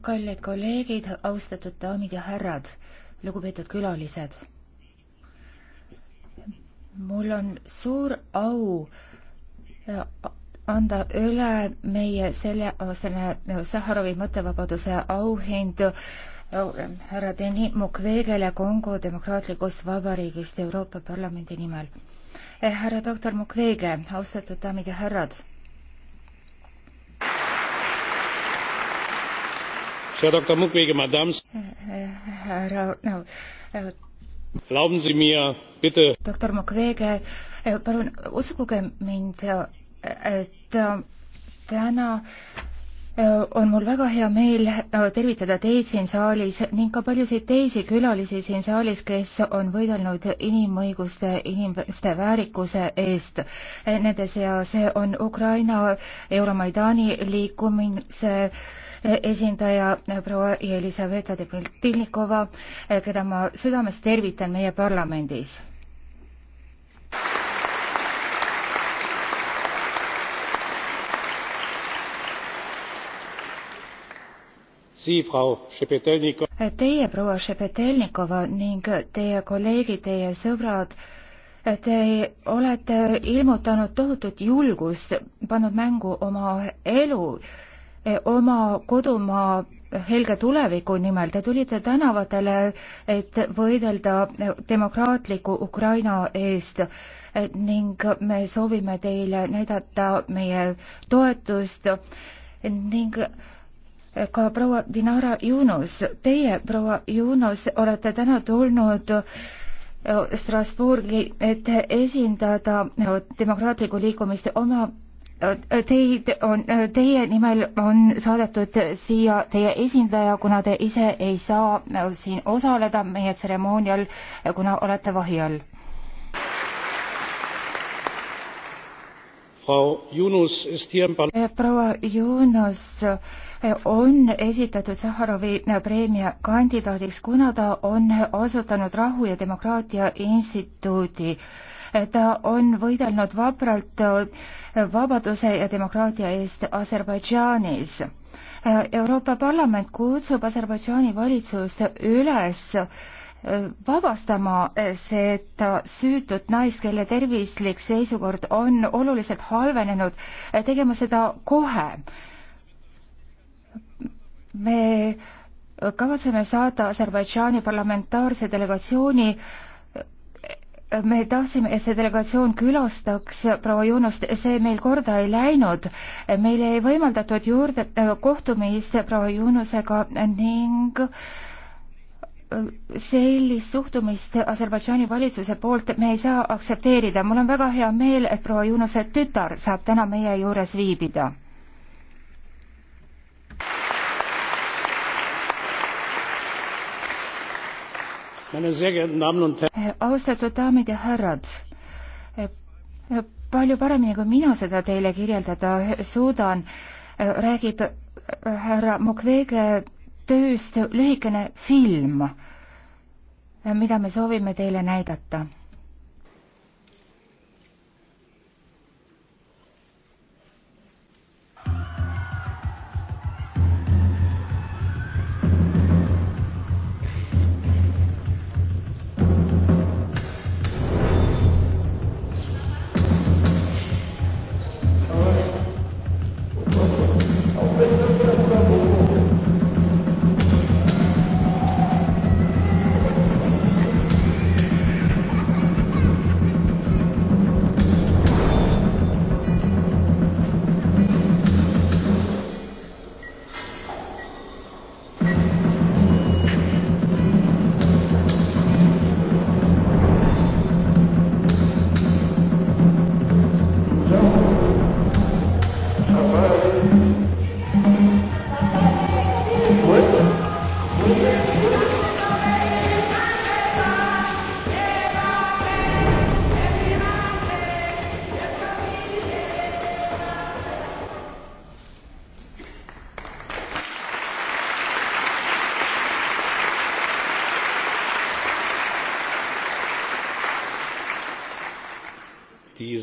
kallid kolleegid, austatud daamid ja härrad, lugupeetud külalised. mul on suur au äh, anda üle meie selleaastane Saharovi mõttevabaduse auhind äh, härra Deni Mukwegele Kongo Demokraatlikust Vabariigist Euroopa Parlamendi nimel. Äh, härra doktor Mukwege, austatud daamid ja härrad härra no, doktor Mukwege, äh, palun uskuge mind, äh, et äh, täna on mul väga hea meel tervitada teid siin saalis ning ka paljusid teisi külalisi siin saalis, kes on võidelnud inimõiguste, inimeste väärikuse eest. Nende seas on Ukraina Euromaidani liikumise esindaja proua Jelisaveta Debiltilnikova, keda ma südamest tervitan meie parlamendis. Teie, proua Šepetelnikova ning teie kolleegid, teie sõbrad, Te olete ilmutanud tohutut julgust, pannud mängu oma elu Eh, oma kodumaa helge tuleviku nimel. Te tulite tänavatele, et võidelda eh, demokraatliku Ukraina eest eh, ning me soovime teile näidata meie toetust ning ka proua Dinara Junus, teie, proua Junus, olete täna tulnud Strasbourgi, et esindada demokraatlikku liikumist oma Teid on, teie nimel on saadetud siia teie esindaja, kuna te ise ei saa siin osaleda meie tseremoonial, kuna olete vahi all. proua Yunus on esitatud Saharovi preemia kandidaadiks, kuna ta on asutanud Rahu ja Demokraatia Instituudi ta on võidelnud vapralt äh, vabaduse ja demokraatia eest Aserbaidžaanis. Äh, Euroopa Parlament kutsub Aserbaidžaani valitsust üles äh, vabastama seda süütut naist, kelle tervislik seisukord on oluliselt halvenenud, tegema seda kohe. me kavatseme saada Aserbaidžaani parlamentaarse delegatsiooni äh, me tahtsime, et see delegatsioon külastaks proua Junost, see meil korda ei läinud. meile ei võimaldatud juurde äh, kohtumist proua Junusega ning äh, sellist suhtumist Aserbaidžaani valitsuse poolt me ei saa aktsepteerida. mul on väga hea meel, et proua Junuse tütar saab täna meie juures viibida Eh, austatud daamid ja härrad, eh, palju paremini kui mina seda teile kirjeldada eh, suudan, räägib härra Mukwege tööst lühikene film, mida me soovime teile näidata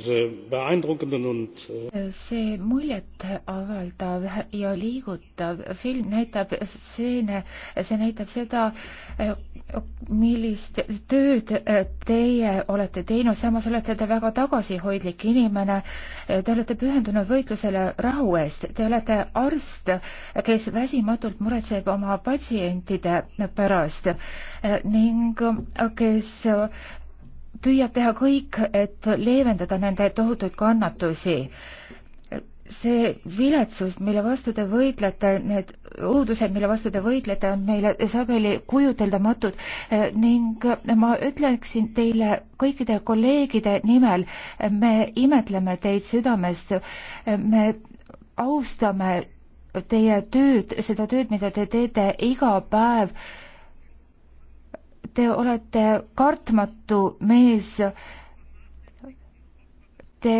Äh, äh, see muljetavaldav ja liigutav film näitab stseene, see näitab seda, äh, millist tööd teie olete teinud, samas olete te väga tagasihoidlik inimene. Te olete pühendunud võitlusele rahu eest, te olete arst, kes väsimatult muretseb oma patsientide pärast ning kes püüab teha kõik, et leevendada nende tohutuid kannatusi. see viletsus, mille vastu te võitlete, need õudused, mille vastu te võitlete, on meile sageli kujuteldamatud ning ma ütleksin teile kõikide kolleegide nimel, me imetleme teid südamest, me austame teie tööd, seda tööd, mida te teete iga päev Te olete kartmatu mees. Te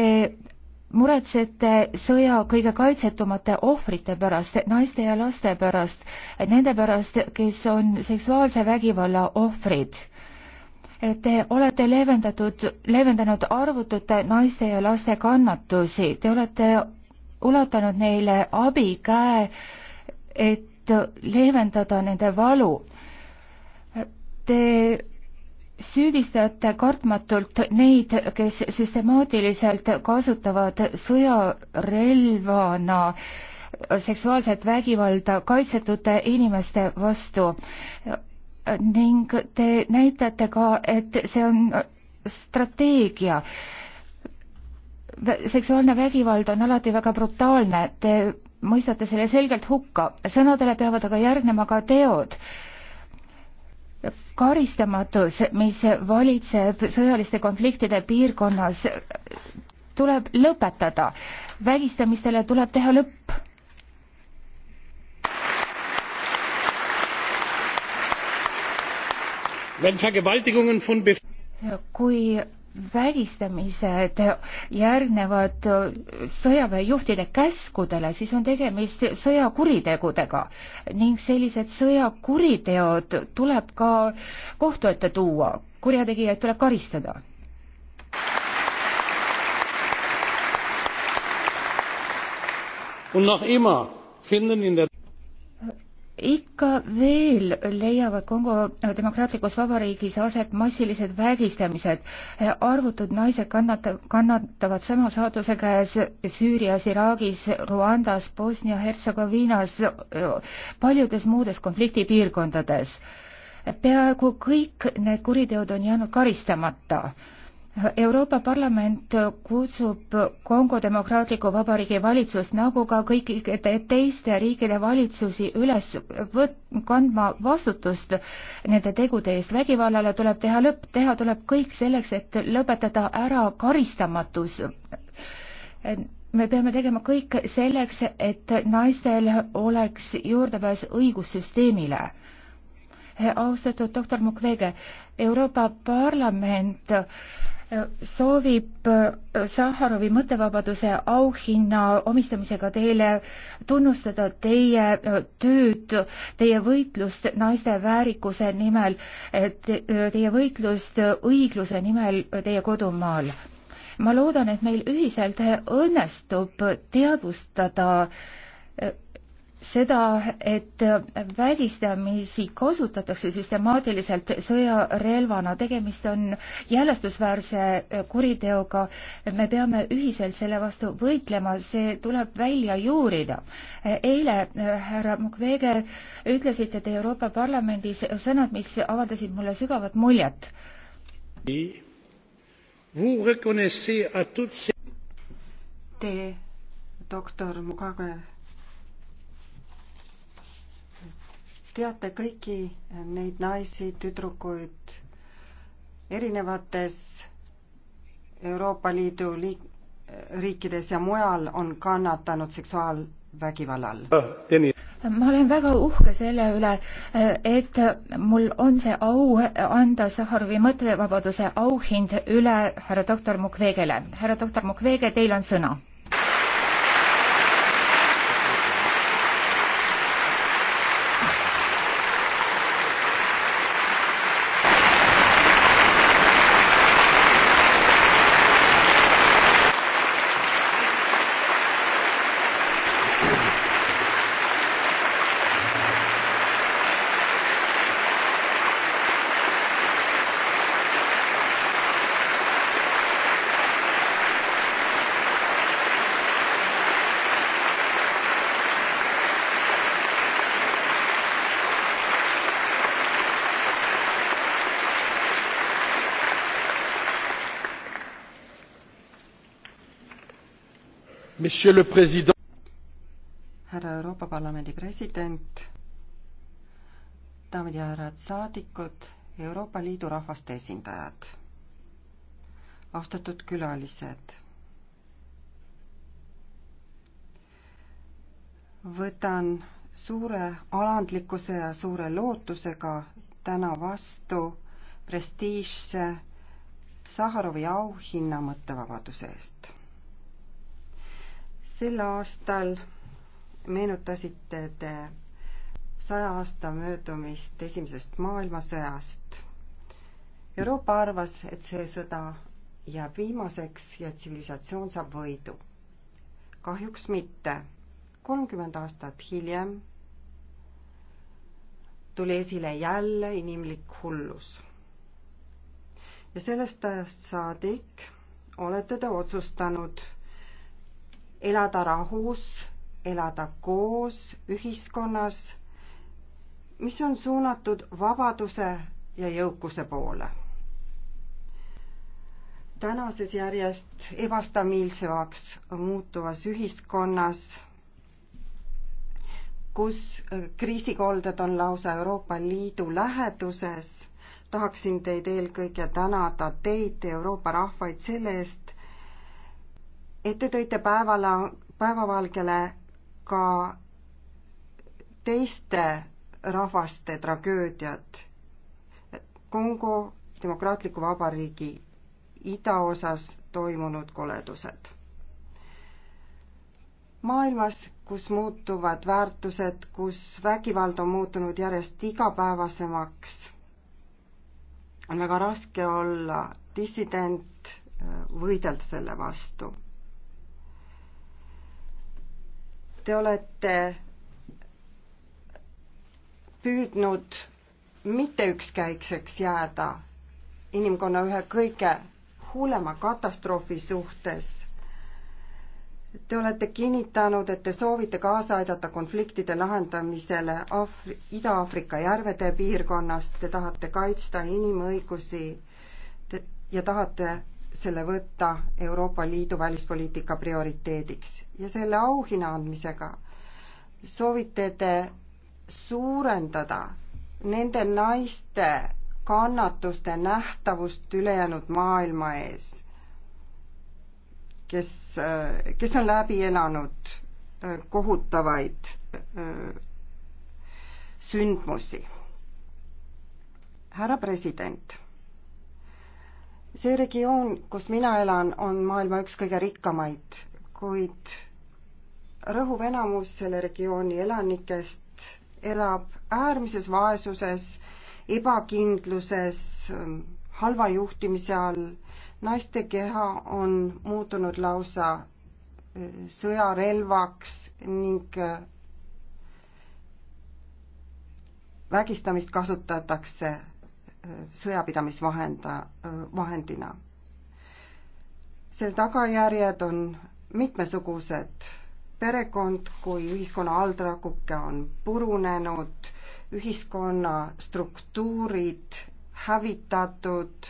muretsete sõja kõige kaitsetumate ohvrite pärast, naiste ja laste pärast, nende pärast, kes on seksuaalse vägivalla ohvrid. Te olete leevendatud, leevendanud arvutute naiste ja laste kannatusi, te olete ulatanud neile abikäe, et leevendada nende valu Te süüdistate kartmatult neid, kes süstemaatiliselt kasutavad sõjarelvana seksuaalset vägivalda kaitsetute inimeste vastu ning te näitate ka, et see on strateegia seksuaalne vägivald on alati väga brutaalne, te mõistate selle selgelt hukka, sõnadele peavad aga järgnema ka teod karistamatus, mis valitseb sõjaliste konfliktide piirkonnas, tuleb lõpetada. vägistamistele tuleb teha lõpp. kui välistamised järgnevad sõjaväejuhtide käskudele, siis on tegemist sõjakuritegudega ning sellised sõjakuriteod tuleb ka kohtu ette tuua, kurjategijaid tuleb karistada und noch immer finden in der türkei massenvernichtungswaffen verwendet ikka veel leiavad Kongo demokraatlikus vabariigis aset massilised vägistamised. arvutud naised kannata-, kannatavad sama saatuse käes Süürias, Iraagis, Ruandas, Bosnia-Hertsegoviinas, paljudes muudes konfliktipiirkondades. peaaegu kõik need kuriteod on jäänud karistamata Euroopa Parlament kutsub Kongo Demokraatliku Vabariigi valitsust nagu ka kõikide teiste riikide valitsusi üles võt-, kandma vastutust nende tegude eest. vägivallale tuleb teha lõpp, teha tuleb kõik selleks, et lõpetada ära karistamatus. me peame tegema kõik selleks, et naistel oleks juurdepääs õigussüsteemile austatud doktor Mukwege, Euroopa Parlament soovib äh, Sahharovi mõttevabaduse auhinna omistamisega teile tunnustada teie äh, tööd, teie võitlust naiste väärikuse nimel, äh, teie võitlust õigluse nimel teie kodumaal. ma loodan, et meil ühiselt õnnestub teadvustada seda, et välistamisi kasutatakse süstemaatiliselt sõjarelvana, tegemist on jälestusväärse kuriteoga, me peame ühiselt selle vastu võitlema, see tuleb välja juurida. eile, härra Mukwege, ütlesite te Euroopa Parlamendis sõnad, mis avaldasid mulle sügavat muljet. Te, doktor Mugabe teate kõiki neid naisi, tüdrukuid erinevates Euroopa Liidu liik-, riikides ja mujal on kannatanud seksuaalvägivallal. ma olen väga uhke selle üle, et mul on see au anda Sahharovi mõttevabaduse auhind üle härra doktor Mukwegele. härra doktor Mukwege, teil on sõna härra Euroopa Parlamendi president, daamid ja härrad saadikud, Euroopa Liidu rahvaste esindajad, austatud külalised. võtan suure alandlikkuse ja suure lootusega täna vastu prestiižse Saharovi auhinna mõttevabaduse eest sel aastal meenutasite te saja aasta möödumist Esimesest maailmasõjast. Euroopa arvas, et see sõda jääb viimaseks ja tsivilisatsioon saab võidu. kahjuks mitte. kolmkümmend aastat hiljem tuli esile jälle inimlik hullus. ja sellest ajast saadik olete te otsustanud elada rahus, elada koos ühiskonnas, mis on suunatud vabaduse ja jõukuse poole. tänases järjest ebastabiilsemaks muutuvas ühiskonnas, kus kriisikolded on lausa Euroopa Liidu läheduses, tahaksin teid eelkõige tänada, teid, Euroopa rahvaid, selle eest, et te tõite päevala, päevavalgele ka teiste rahvaste tragöödiat. Kongo Demokraatliku Vabariigi idaosas toimunud koledused. maailmas, kus muutuvad väärtused, kus vägivald on muutunud järjest igapäevasemaks, on väga raske olla dissident, äh, võidelda selle vastu Te olete püüdnud mitte ükskäikseks jääda inimkonna ühe kõige hullema katastroofi suhtes. Te olete kinnitanud, et te soovite kaasa aidata konfliktide lahendamisele Afri-, Ida-Aafrika järvede piirkonnas, te tahate kaitsta inimõigusi te, ja tahate selle võtta Euroopa Liidu välispoliitika prioriteediks ja selle auhinna andmisega soovite te suurendada nende naiste kannatuste nähtavust ülejäänud maailma ees, kes, kes on läbi elanud äh, kohutavaid äh, sündmusi. härra president see regioon, kus mina elan, on maailma üks kõige rikkamaid, kuid rõhuv enamus selle regiooni elanikest elab äärmises vaesuses, ebakindluses, halva juhtimise all. naiste keha on muutunud lausa eh, sõjarelvaks ning eh, vägistamist kasutatakse sõjapidamisvahenda, vahendina. selle tagajärjed on mitmesugused, perekond kui ühiskonna alltrakuke on purunenud, ühiskonna struktuurid hävitatud,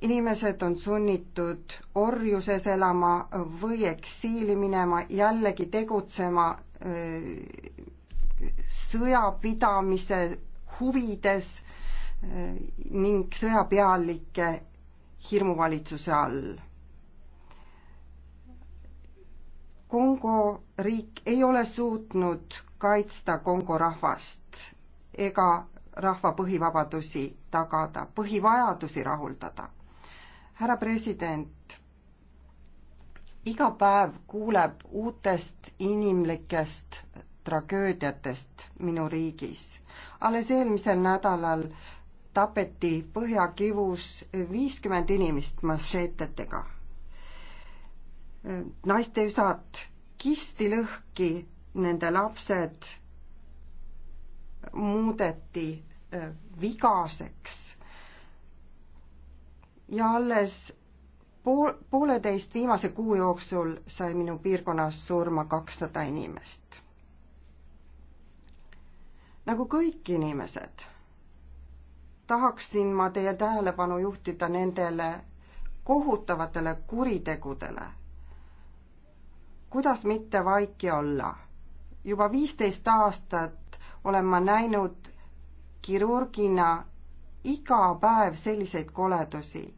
inimesed on sunnitud orjuses elama või eksiili minema, jällegi tegutsema äh, sõjapidamise huvides ning sõjapealike hirmuvalitsuse all. Kongo riik ei ole suutnud kaitsta Kongo rahvast ega rahva põhivabadusi tagada, põhivajadusi rahuldada. härra president, iga päev kuuleb uutest inimlikest tragöödiatest minu riigis. alles eelmisel nädalal tapeti põhjakivus viiskümmend inimest mašeetetega. naiste üsad kisti lõhki, nende lapsed muudeti äh, vigaseks. ja alles pool, pooleteist viimase kuu jooksul sai minu piirkonnas surma kakssada inimest. nagu kõik inimesed tahaksin ma teie tähelepanu juhtida nendele kohutavatele kuritegudele. kuidas mitte vaiki olla? juba viisteist aastat olen ma näinud kirurgina iga päev selliseid koledusi.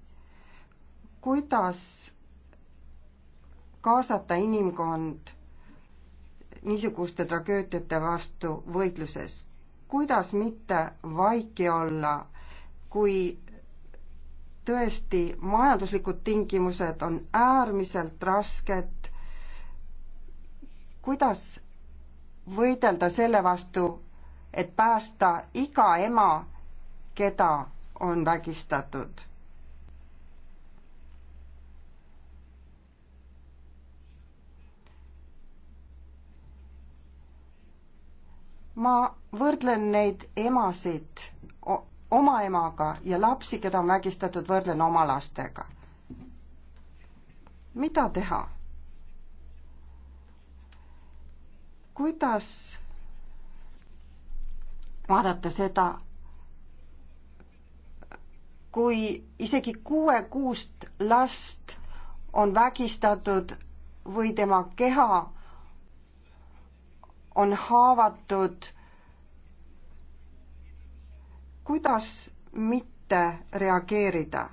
kuidas kaasata inimkond niisuguste tragöödiate vastu võitluses? kuidas mitte vaiki olla kui tõesti majanduslikud tingimused on äärmiselt rasked, kuidas võidelda selle vastu, et päästa iga ema, keda on vägistatud. ma võrdlen neid emasid oma emaga ja lapsi, keda on vägistatud, võrdlen oma lastega. mida teha? kuidas vaadata seda, kui isegi kuue-kuust last on vägistatud või tema keha on haavatud kuidas mitte reageerida?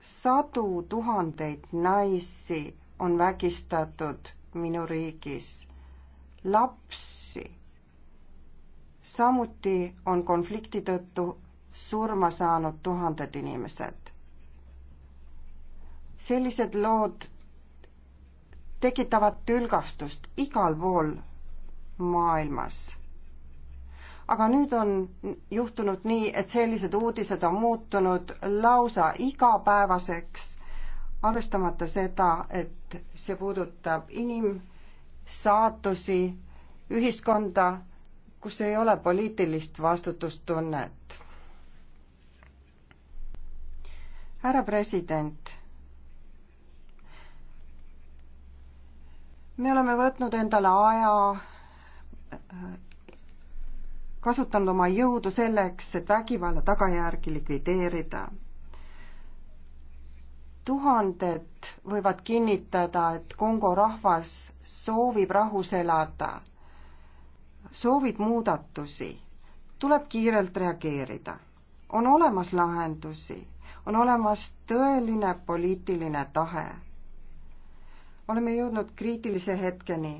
sadu tuhandeid naisi on vägistatud minu riigis, lapsi. samuti on konflikti tõttu surma saanud tuhanded inimesed. sellised lood tekitavad tülgastust igal pool maailmas aga nüüd on juhtunud nii, et sellised uudised on muutunud lausa igapäevaseks, arvestamata seda, et see puudutab inimsaatusi, ühiskonda, kus ei ole poliitilist vastutustunnet. härra president me oleme võtnud endale aja kasutanud oma jõudu selleks, et vägivalla tagajärgi likvideerida. tuhanded võivad kinnitada, et Kongo rahvas soovib rahus elada, soovib muudatusi, tuleb kiirelt reageerida. on olemas lahendusi, on olemas tõeline poliitiline tahe. oleme jõudnud kriitilise hetkeni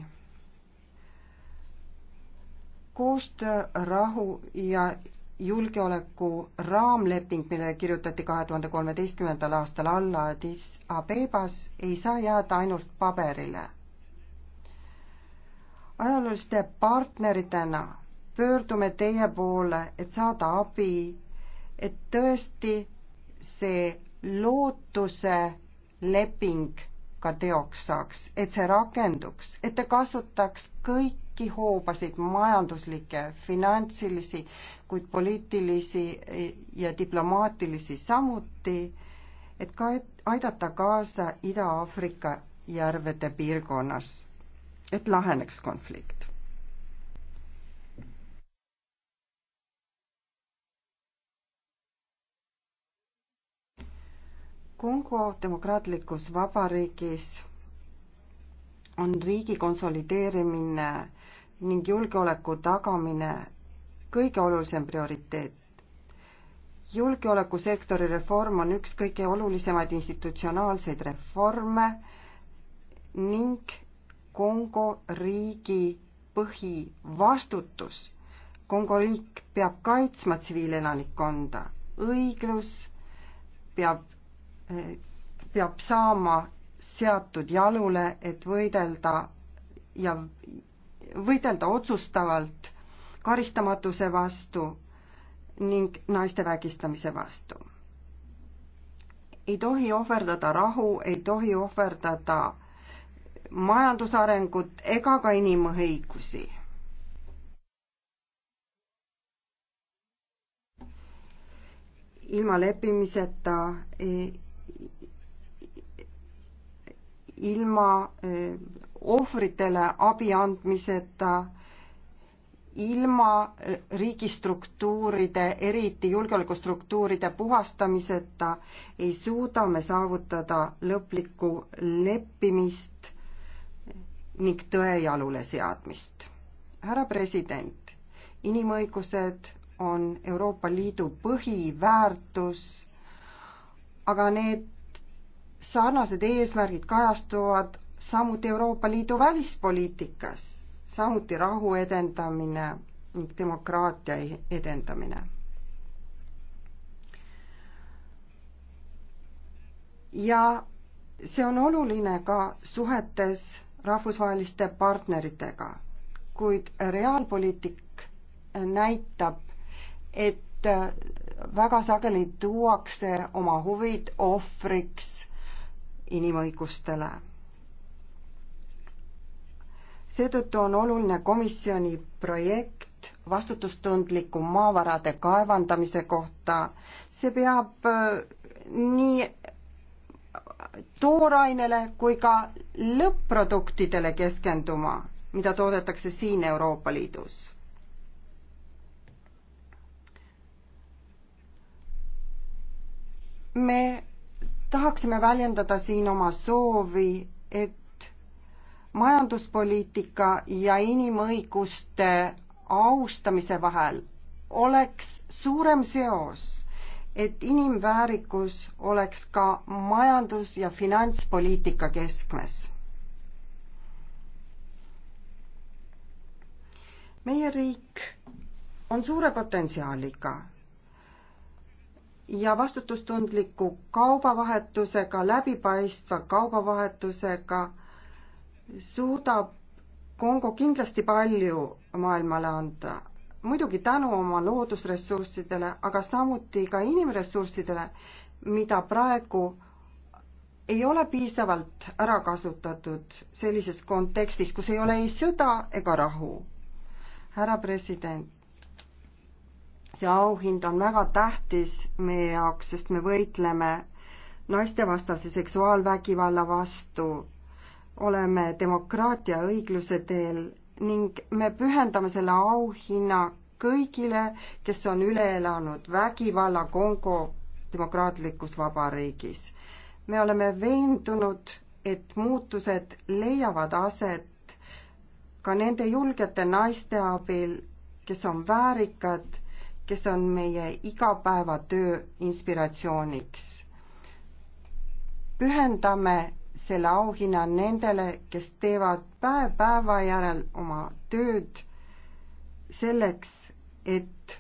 koostöö, rahu ja julgeoleku raamleping, millele kirjutati kahe tuhande kolmeteistkümnendal aastal alla Addis Abebas, ei saa jääda ainult paberile. ajalooliste partneritena pöördume teie poole, et saada abi, et tõesti see lootuse leping ka teoks saaks, et see rakenduks, et ta kasutaks kõik kõiki hoobasid, majanduslikke, finantsilisi, kuid poliitilisi ja diplomaatilisi samuti, et ka aidata kaasa Ida-Aafrika järvede piirkonnas, et laheneks konflikt. Kongo demokraatlikus vabariigis on riigi konsolideerimine ning julgeoleku tagamine kõige olulisem prioriteet. julgeolekusektori reform on üks kõige olulisemaid institutsionaalseid reforme ning Kongo riigi põhivastutus. Kongo riik peab kaitsma tsiviilelanikkonda, õiglus peab, eh, peab saama seatud jalule, et võidelda ja võidelda otsustavalt karistamatuse vastu ning naiste vägistamise vastu. ei tohi ohverdada rahu, ei tohi ohverdada majandusarengut ega ka inimõigusi. ilma leppimiseta ei ilma ohvritele abi andmiseta, ilma riigistruktuuride, eriti julgeolekustruktuuride puhastamiseta ei suuda me saavutada lõplikku leppimist ning tõe jalule seadmist. härra president, inimõigused on Euroopa Liidu põhiväärtus, aga need sarnased eesmärgid kajastuvad samuti Euroopa Liidu välispoliitikas, samuti rahu edendamine ning demokraatia e-, edendamine. ja see on oluline ka suhetes rahvusvaheliste partneritega, kuid reaalpoliitik näitab, et väga sageli tuuakse oma huvid ohvriks inimõigustele. seetõttu on oluline komisjoni projekt vastutustundliku maavarade kaevandamise kohta. see peab äh, nii toorainele kui ka lõpp-produktidele keskenduma, mida toodetakse siin Euroopa Liidus. me tahaksime väljendada siin oma soovi, et majanduspoliitika ja inimõiguste austamise vahel oleks suurem seos, et inimväärikus oleks ka majandus- ja finantspoliitika keskmes. meie riik on suure potentsiaaliga ja vastutustundliku kaubavahetusega, läbipaistva kaubavahetusega suudab Kongo kindlasti palju maailmale anda. muidugi tänu oma loodusressurssidele, aga samuti ka inimressurssidele, mida praegu ei ole piisavalt ära kasutatud sellises kontekstis, kus ei ole ei sõda ega rahu. härra president, see auhind on väga tähtis meie jaoks, sest me võitleme naistevastase seksuaalvägivalla vastu, oleme demokraatia õigluse teel ning me pühendame selle auhinna kõigile, kes on üle elanud vägivalla Kongo demokraatlikus vabariigis. me oleme veendunud, et muutused leiavad aset ka nende julgete naiste abil, kes on väärikad kes on meie igapäevatöö inspiratsiooniks. pühendame selle auhinna nendele, kes teevad päev päeva järel oma tööd selleks, et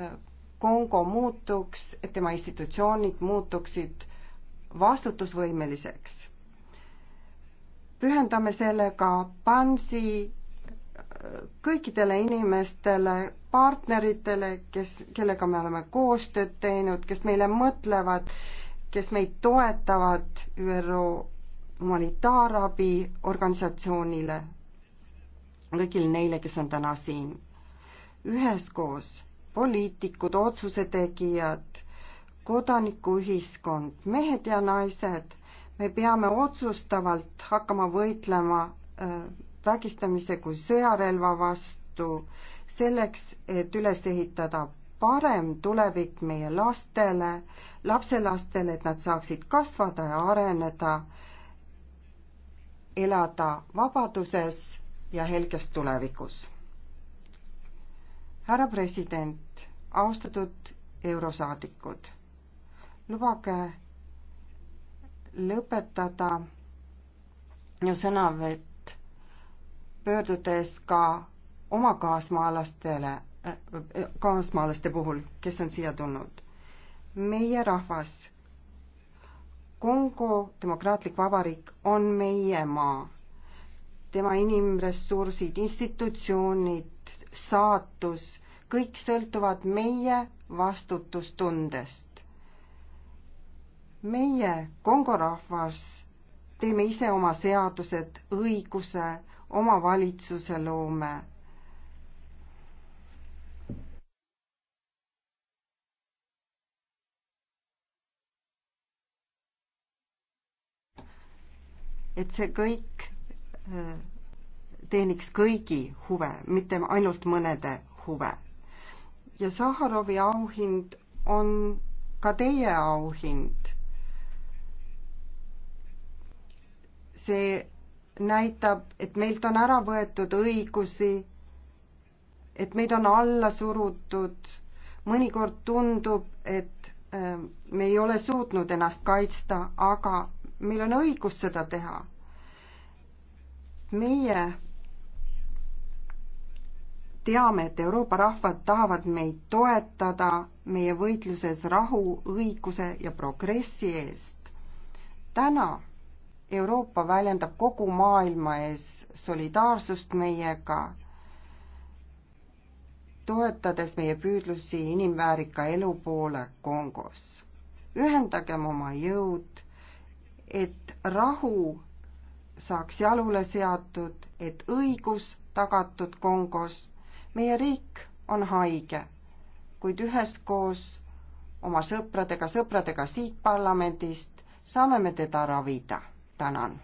äh, Kongo muutuks, et tema institutsioonid muutuksid vastutusvõimeliseks. pühendame selle ka Pansi kõikidele inimestele, partneritele, kes, kellega me oleme koostööd teinud, kes meile mõtlevad, kes meid toetavad ÜRO humanitaarabi organisatsioonile, kõigile neile, kes on täna siin. üheskoos poliitikud, otsuse tegijad, kodanikuühiskond, mehed ja naised, me peame otsustavalt hakkama võitlema äh, vägistamise kui sõjarelva vastu, selleks, et üles ehitada parem tulevik meie lastele, lapselastele, et nad saaksid kasvada ja areneda, elada vabaduses ja helges tulevikus. härra president, austatud eurosaadikud, lubage lõpetada minu sõnavõtt pöördudes ka oma kaasmaalastele, äh, kaasmaalaste puhul, kes on siia tulnud. meie rahvas, Kongo Demokraatlik Vabariik on meie maa, tema inimressursid, institutsioonid, saatus, kõik sõltuvad meie vastutustundest. meie, Kongo rahvas, teeme ise oma seadused, õiguse omavalitsuse loome. et see kõik äh, teeniks kõigi huve, mitte ainult mõnede huve. ja Saharovi auhind on ka teie auhind. see näitab, et meilt on ära võetud õigusi, et meid on alla surutud, mõnikord tundub, et ähm, me ei ole suutnud ennast kaitsta, aga meil on õigus seda teha. meie teame, et Euroopa rahvad tahavad meid toetada meie võitluses rahu, õiguse ja progressi eest. täna Euroopa väljendab kogu maailma ees solidaarsust meiega, toetades meie püüdlusi inimväärika elu poole Kongos. ühendagem oma jõud, et rahu saaks jalule seatud, et õigus tagatud Kongos. meie riik on haige, kuid üheskoos oma sõpradega, sõpradega siit parlamendist saame me teda ravida tänan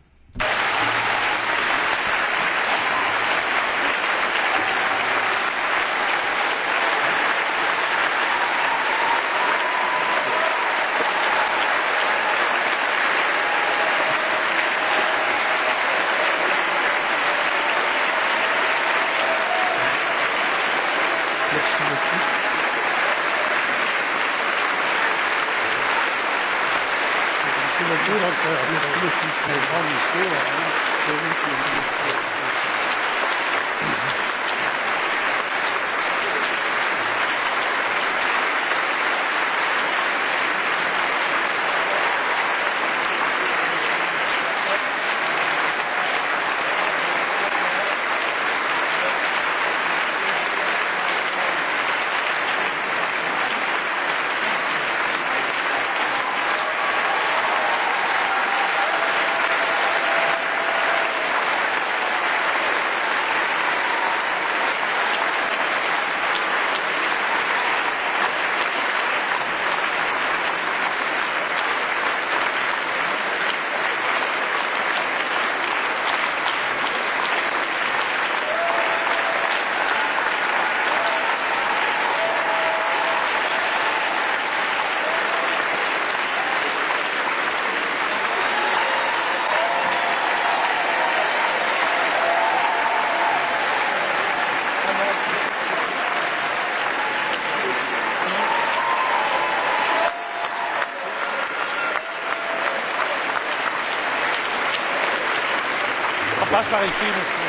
parecidos